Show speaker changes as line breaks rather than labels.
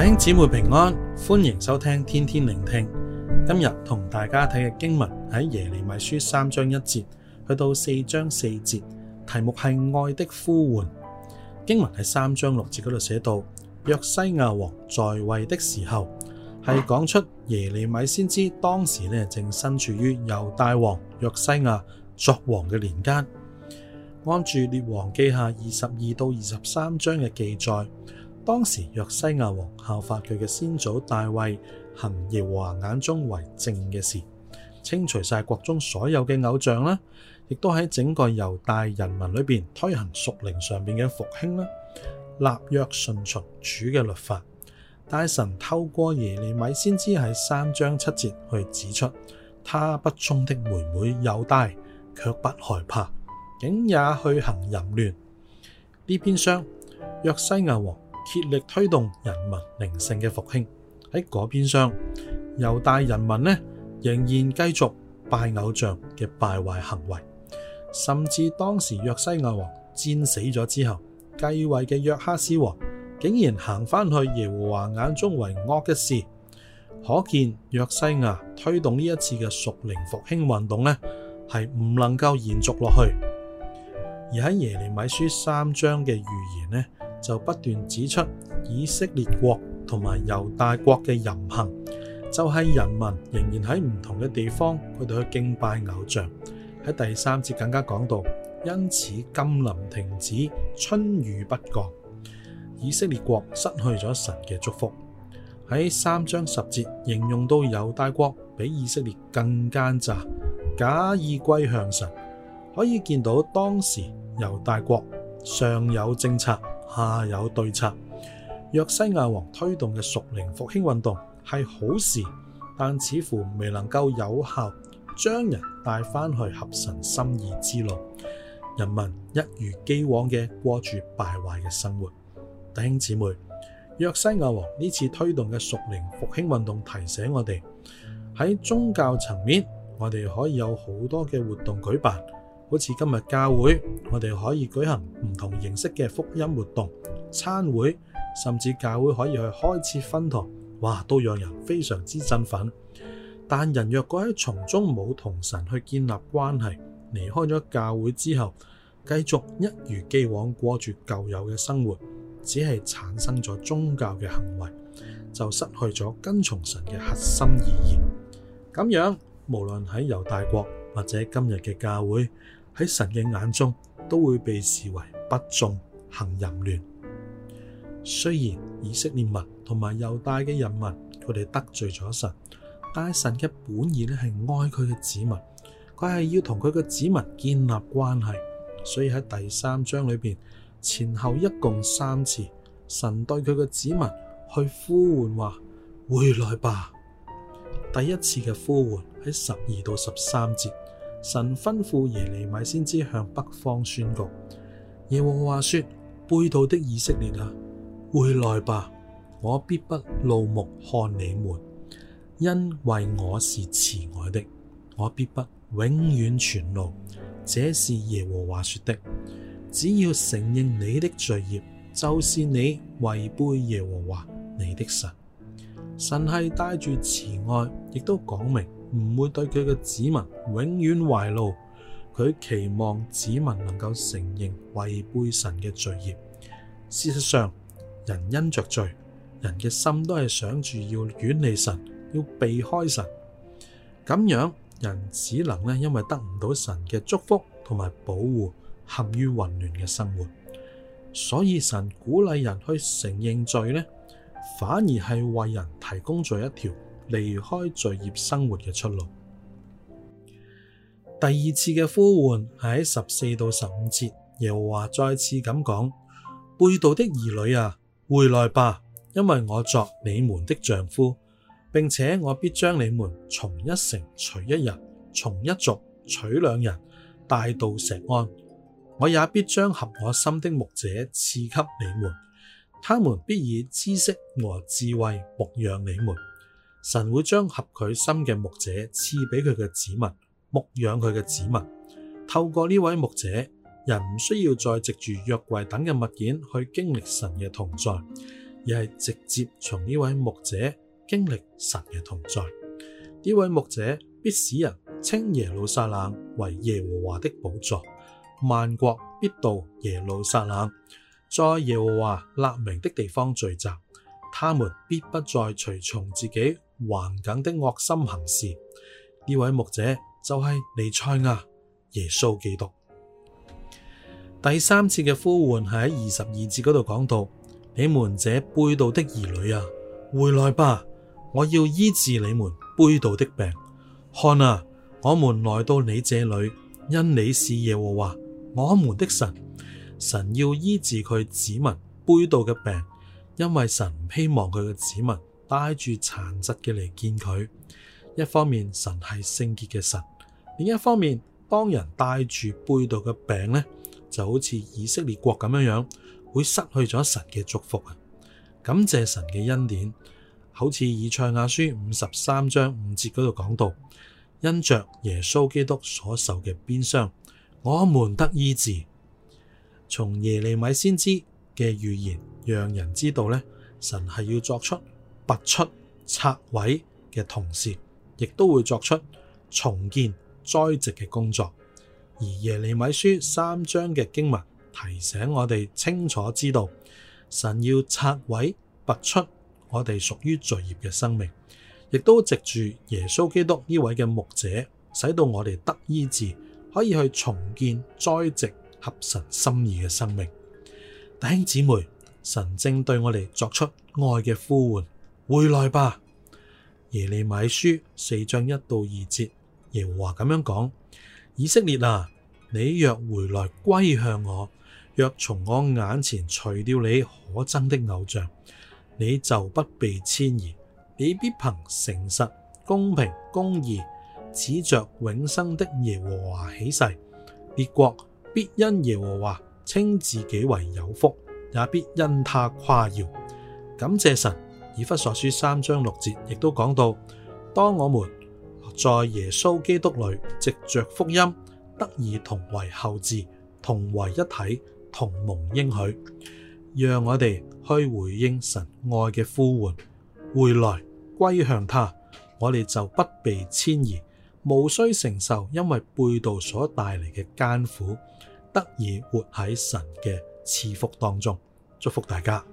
弟兄姊妹平安，歡迎收聽天天聆聽。今日同大家睇嘅經文喺耶利米書三章一節去到四章四節，題目係愛的呼喚。經文喺三章六節嗰度寫到，約西亞王在位的時候，係講出耶利米先知當時呢正身處於猶大王約西亞作王嘅年間。按住列王記下二十二到二十三章嘅記載。當時，約西亞王效法佢嘅先祖大衛，行耶和華眼中為正嘅事，清除晒國中所有嘅偶像啦，亦都喺整個猶大人民裏邊推行屬靈上邊嘅復興啦，立約順從主嘅律法。但神透過耶利米先知喺三章七節去指出，他不忠的妹妹猶大，卻不害怕，竟也去行淫亂。呢邊廂約西亞王竭力推動人民靈性嘅復興，喺嗰邊上猶大人民呢，仍然繼續拜偶像嘅敗壞行為，甚至當時約西亞王戰死咗之後，繼位嘅約哈斯王竟然行翻去耶和華眼中為惡嘅事，可見約西亞推動呢一次嘅屬靈復興運動呢係唔能夠延續落去，而喺耶利米書三章嘅預言呢，就不斷指出以色列國同埋猶大國嘅淫行，就係、是、人民仍然喺唔同嘅地方佢哋去敬拜偶像。喺第三節更加講到，因此甘霖停止，春雨不降，以色列國失去咗神嘅祝福。喺三章十節形容到猶大國比以色列更奸詐，假意歸向神，可以見到當時猶大國尚有政策。下、啊、有對策。約西亞王推動嘅屬靈復興運動係好事，但似乎未能夠有效將人帶翻去合神心意之路。人民一如既往嘅過住敗壞嘅生活。弟兄姊妹，約西亞王呢次推動嘅屬靈復興運動提醒我哋喺宗教層面，我哋可以有好多嘅活動舉辦。好似今日教會，我哋可以舉行唔同形式嘅福音活動、餐會，甚至教會可以去開設分堂，哇，都讓人非常之振奮。但人若果喺從中冇同神去建立關係，離開咗教會之後，繼續一如既往過住舊有嘅生活，只係產生咗宗教嘅行為，就失去咗跟從神嘅核心意義。咁樣，無論喺猶大國或者今日嘅教會，喺神嘅眼中都會被視為不忠、行淫亂。雖然以色列民同埋猶大嘅人民佢哋得罪咗神，但係神嘅本意呢係愛佢嘅子民，佢係要同佢嘅子民建立關係。所以喺第三章裏邊前後一共三次，神對佢嘅子民去呼喚話：回來吧！第一次嘅呼喚喺十二到十三節。神吩咐耶利米先知向北方宣告，耶和華說：背道的以色列啊，回來吧，我必不怒目看你們，因為我是慈愛的，我必不永遠存怒。這是耶和華說的。只要承認你的罪孽，就是你違背耶和華你的神。神係帶住慈愛，亦都講明。唔會對佢嘅子民永遠懷怒，佢期望子民能夠承認違背神嘅罪孽。事實上，人因着罪，人嘅心都係想住要遠離神，要避開神。咁樣人只能咧，因為得唔到神嘅祝福同埋保護，陷於混亂嘅生活。所以神鼓勵人去承認罪呢，反而係為人提供咗一條。離開罪業生活嘅出路。第二次嘅呼喚喺十四到十五節，耶和華再次咁講：背道的兒女啊，回來吧，因為我作你們的丈夫，並且我必將你們從一城取一人，從一族取兩人，帶到錫安。我也必將合我心的牧者賜給你們，他們必以知識和智慧牧養你們。神會將合佢心嘅牧者賜俾佢嘅子民，牧養佢嘅子民。透過呢位牧者，人唔需要再藉住約櫃等嘅物件去經歷神嘅同在，而係直接從呢位牧者經歷神嘅同在。呢位牧者必使人稱耶路撒冷為耶和華的寶座，萬國必到耶路撒冷，在耶和華立名的地方聚集。他們必不再隨從自己。頑梗的惡心行事，呢位牧者就係彌賽亞耶穌基督。第三次嘅呼喚係喺二十二節嗰度講到：你們這背道的兒女啊，回來吧，我要醫治你們背道的病。看啊，我們來到你這裏，因你是耶和華我們的神。神要醫治佢子民背道嘅病，因為神希望佢嘅子民。帶住殘疾嘅嚟見佢，一方面神係聖潔嘅神，另一方面幫人帶住背道嘅病呢，就好似以色列國咁樣樣，會失去咗神嘅祝福啊！感謝神嘅恩典，好似以賽亞書五十三章五節嗰度講到，因着耶穌基督所受嘅鞭傷，我們得醫治。從耶利米先知嘅預言，讓人知道呢神係要作出。拔出拆毀嘅同時，亦都會作出重建栽植嘅工作。而耶利米書三章嘅經文提醒我哋清楚知道，神要拆毀拔出我哋屬於罪孽嘅生命，亦都藉住耶穌基督呢位嘅牧者，使到我哋得醫治，可以去重建栽植合神心意嘅生命。弟兄姊妹，神正對我哋作出愛嘅呼喚。回來吧，耶利米書四章一到二節，耶和華咁樣講：以色列啊，你若回來歸向我，若從我眼前除掉你可憎的偶像，你就不被遷移。你必憑誠實、公平、公義，指着永生的耶和華起誓。列國必因耶和華稱自己為有福，也必因他誇耀。感謝神。以弗所書三章六節亦都講到，當我們在耶穌基督裏藉着福音，得以同為後嗣，同為一體，同蒙應許。讓我哋去回應神愛嘅呼喚，回來歸向他，我哋就不被遷移，無需承受因為背道所帶嚟嘅艱苦，得以活喺神嘅賜福當中。祝福大家。